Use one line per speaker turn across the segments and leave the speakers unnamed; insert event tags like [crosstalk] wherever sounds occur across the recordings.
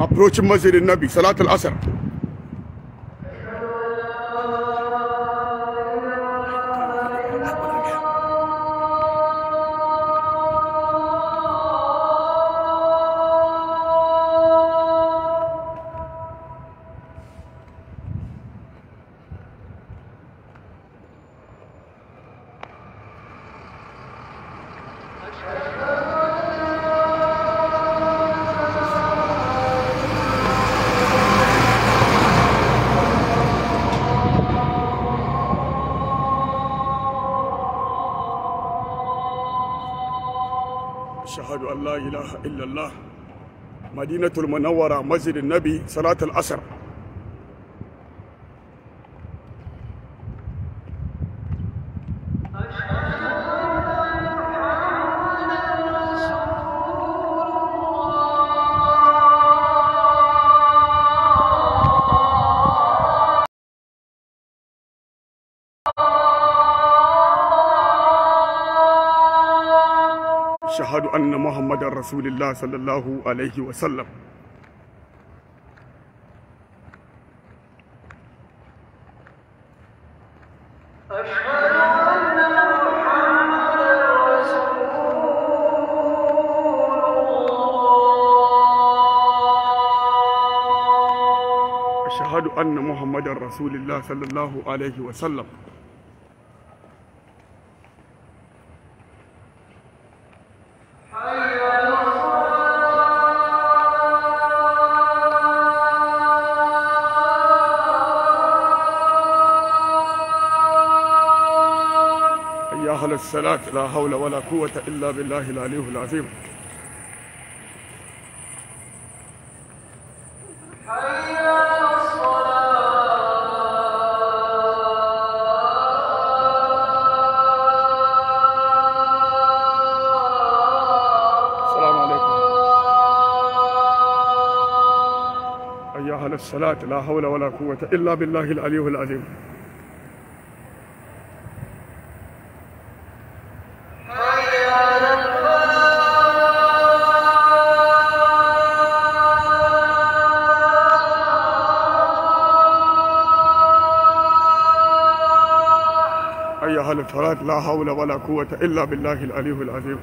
approaching masjidin nabi salatul asr ilaha illallah madinatul munawwara masjidin nabi salatul asr واشهد ان محمدا رسول الله صلى الله عليه وسلم أشهد أن محمد رسول الله صلى الله عليه وسلم الصلاة لا حول ولا قوة إلا بالله العلي العظيم الصلاة لا حول ولا قوة إلا بالله العلي العظيم إله الفرات لا حول ولا قوة إلا بالله العلي العظيم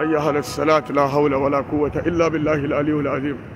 أيها الصلاة لا حول ولا قوة إلا بالله العلي العظيم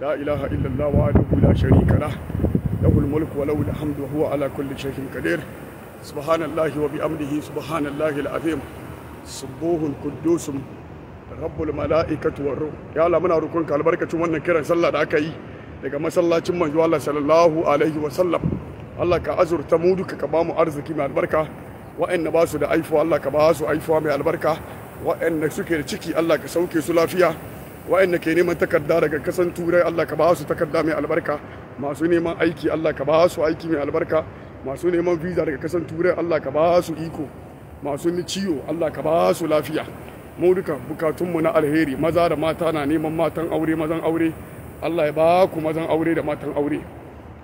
لا إله إلا الله وحده لا شريك له له الملك وله الحمد وهو على كل شيء قدير سبحان الله وبأمره سبحان الله العظيم سبوه قدوس رب الملائكة والروح يا الله البركة wannan kiran sallah da aka yi daga masallacin manzo Allah sallallahu alaihi wa sallam Allah ka azurta mu duka ka bamu arziki mai albarka wa'anda ba su da aifuwa Allah ka ba su aifuwa mai albarka wa'anda suke da ciki Allah ka sauke su lafiya wa'anda ke neman takarda daga kasan turai Allah ka ba su takarda mai albarka masu neman aiki Allah ka ba su aiki mai albarka masu neman visa daga kasan turai Allah ka ba su iko masu ni ciwo Allah ka ba su lafiya mu duka bukatunmu na alheri maza da mata na neman matan aure mazan aure Allah ya ba ku mazan aure da matan aure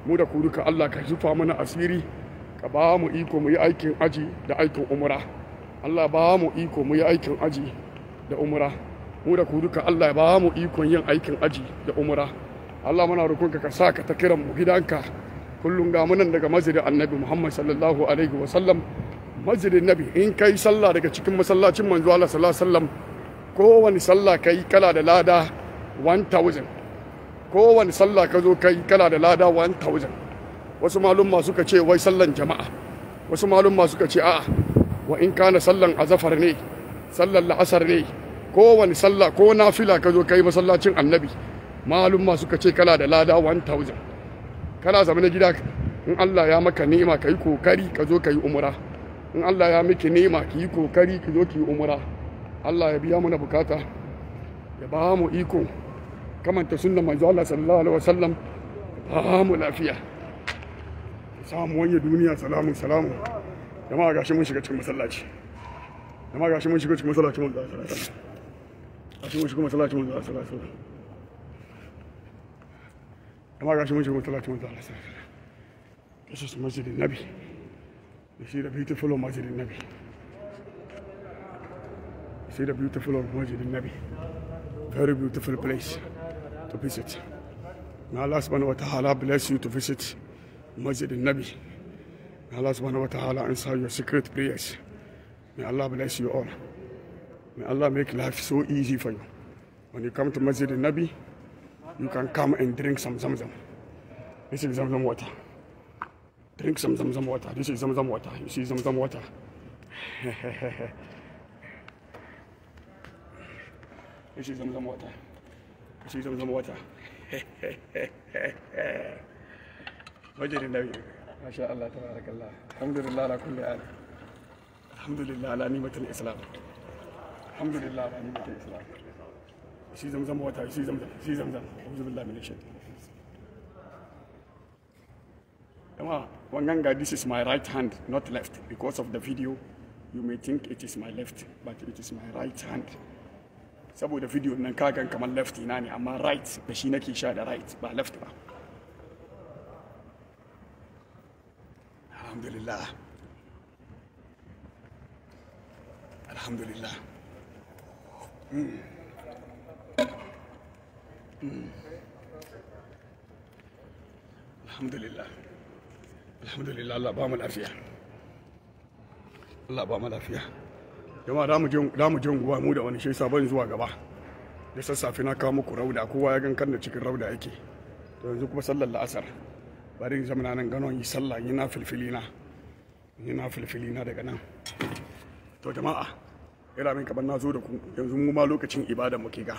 mu da ku duka Allah ka zufa mana asiri ka ba mu iko mu yi aikin aji da aikin umura Allah ba mu iko mu yi aikin aji da umura mu da ku duka Allah ya ba mu ikon yin aikin aji da umura. Allah muna roƙonka ka sa ka ta kiran mu gidanka kullum ga munan daga masjidin annabi Muhammad sallallahu alaihi wa sallam masjidin nabi in kai sallah daga cikin masallacin manzo Allah sallallahu alaihi wa sallam kowani sallah kai kala da lada 1000 kowani sallah ka zo kai kala da lada 1000 wasu malumma suka ce wai sallan jama'a wasu malumma suka ce a'a wa in kana sallan azafar ne sallan la'asar ne kowane sallah ko nafila ka zo kai masallacin annabi malum ma suka ce kana da lada 1000 kana zama na gida in Allah ya maka ni'ima kai kokari ka zo kai umra in Allah ya miki ni'ima ki yi kokari ka zo ki yi umra Allah ya biya mana bukata ya ba mu iko kamanta sunna manzo Allah sallallahu alaihi wasallam ba mu lafiya samu wani duniya salamu salamu jama'a gashi mun shiga cikin masallaci jama'a gashi mun shiga cikin masallaci mun ga أشوفكم وثلاثة من الله ثلاثة ما قاعد أشوفكم ثلاثة من الله ثلاثة قصص مسجد النبي يصير بيوتيفول مسجد النبي يصير بيوتيفول مسجد النبي very beautiful place to visit may Allah subhanahu wa ta'ala bless you to visit Masjid al-Nabi may Allah subhanahu wa ta'ala answer your secret prayers may Allah bless you all May Allah make life so easy for you. When you come to Masjid Nabi, you can come and drink some Zamzam. This is Zamzam water. Drink some Zamzam water. This is Zamzam water. You see Zamzam water. [laughs] this is Zamzam water. This is Zamzam water. [laughs] Masjid Nabi. ما شاء Alhamdulillah. Alhamdulillah. Alhamdulillah. الحمد لله على كل حال الحمد لله على نعمة alhamdulillah alhamdulillah islam shi zamzam water shi zamzam shi zamzam alhamdulillah min shaitan Yama, Wanganga, this is my right hand, not left. Because of the video, you may think it is my left, but it is my right hand. the video nan kagan kamar left ina ne, amma right da shi the right, but left ba. Alhamdulillah. Alhamdulillah. Mm. Mm. Alhamdulillah. Alhamdulillah Allah ba lafiya. Allah ba lafiya. Jama'a da mu je unguwa mu da wani shi sabon zuwa gaba. Ya sassafe na kawo muku rauda kowa ya gan kan da cikin rauda yake. To yanzu kuma sallar la'asar. Bari in zama nan ganon yi sallah yi na filfilina. Yi na filfilina daga nan. To jama'a yana min kamar na zo da ku yanzu mu ma lokacin ibada muke ga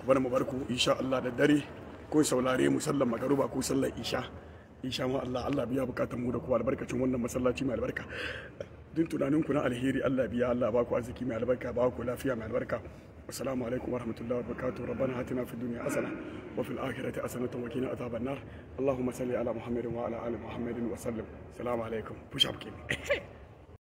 ku bar mu bar ku insha Allah da dare ko saulare mu sallar magaruba ko sallar isha insha ma Allah Allah biya bukatun mu da ku albarkacin wannan masallaci mai albarka din tunanin ku na alheri Allah biya Allah ba ku arziki mai albarka ba ku lafiya mai albarka والسلام عليكم ورحمة الله وبركاته ربنا آتنا في الدنيا حسنة وفي الآخرة حسنة وقنا عذاب النار اللهم صل على محمد وعلى آل محمد وسلم السلام عليكم بوش